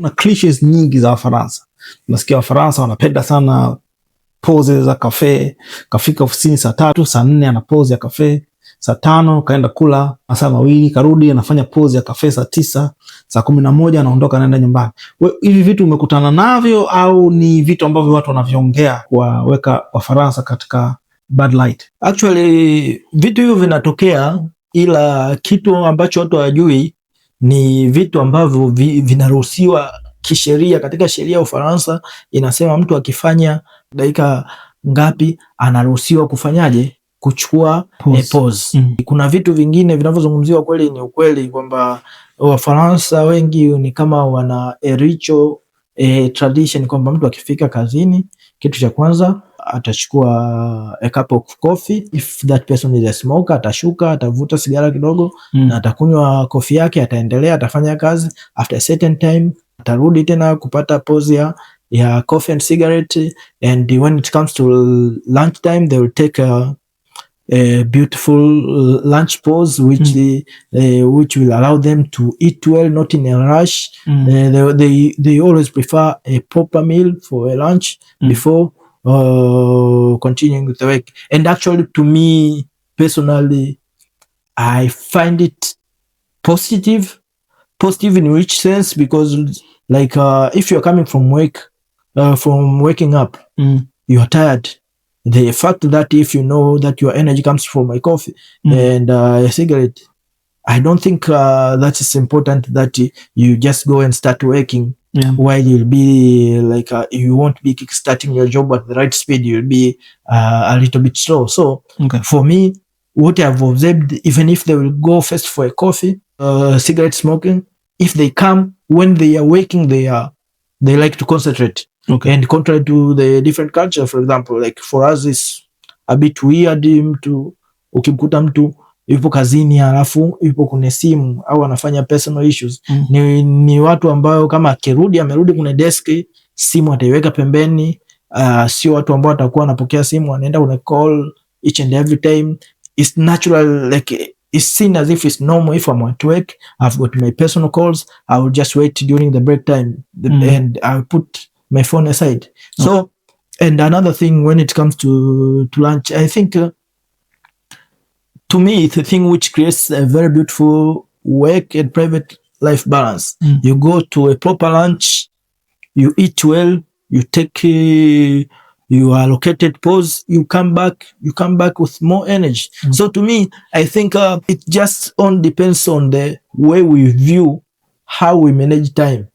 kuna clichés nyingi za Wafaransa. Nasikia Wafaransa wanapenda sana pose za kafe. Kafika ofisini saa tatu, saa nne ana pose ya kafe. Saa tano kaenda kula masaa mawili, karudi anafanya pose ya kafe saa tisa. Saa kumi na moja anaondoka anaenda nyumbani. Hivi vitu umekutana navyo au ni vitu ambavyo watu wanavyoongea kuwaweka Wafaransa katika bad light? Actually vitu hivyo vinatokea, ila kitu ambacho watu hawajui ni vitu ambavyo vi, vinaruhusiwa kisheria katika sheria ya Ufaransa inasema mtu akifanya dakika ngapi anaruhusiwa kufanyaje kuchukua eh, pause. Pause. Mm. Kuna vitu vingine vinavyozungumziwa, kweli ni ukweli kwamba Wafaransa wengi ni kama wana ericho e, eh, tradition kwamba mtu akifika kazini, kitu cha kwanza atachukua a cup of coffee. If that person is a smoker, atashuka atavuta sigara kidogo mm. na atakunywa kofi yake, ataendelea, atafanya kazi. After a certain time atarudi tena kupata pause ya ya coffee and cigarette and when it comes to lunch time they will take a A beautiful lunch pause which mm. uh, which will allow them to eat well not in a rush mm. uh, they, they they always prefer a proper meal for a lunch mm. before Oh, continuing with the work and actually to me personally I find it positive positive in which sense because like uh, if you're coming from work uh, from waking up mm. you're tired the fact that if you know that your energy comes from a coffee mm. and uh, a cigarette I don't think uh, that is important that you just go and start working yeah. where you'll be like uh, you won't be kickstarting your job at the right speed you'll be uh, a little bit slow so okay. for me what I've observed even if they will go first for a coffee uh, cigarette smoking if they come when they are waking they are they like to concentrate okay and contrary to the different culture for example like for us it's a bit weird to ukimkuta mtu yupo kazini, alafu yupo kwenye simu au anafanya personal issues mm. Ni, ni watu ambao kama akirudi amerudi kwenye desk simu ataiweka pembeni. Uh, sio watu ambao watakuwa wanapokea simu, anaenda kuna call each and every time. It's natural like it's seen as if it's normal. If I'm at work, I've got my personal calls, I will just wait during the break time mm. and I'll put my phone aside. So okay. and another thing when it comes to to lunch, I think uh, to me, it's a thing which creates a very beautiful work and private life balance. Mm. You go to a proper lunch, you eat well, you take uh, you are located pause, you come back, you come back with more energy. Mm. So to me, I think uh, it just on depends on the way we view how we manage time.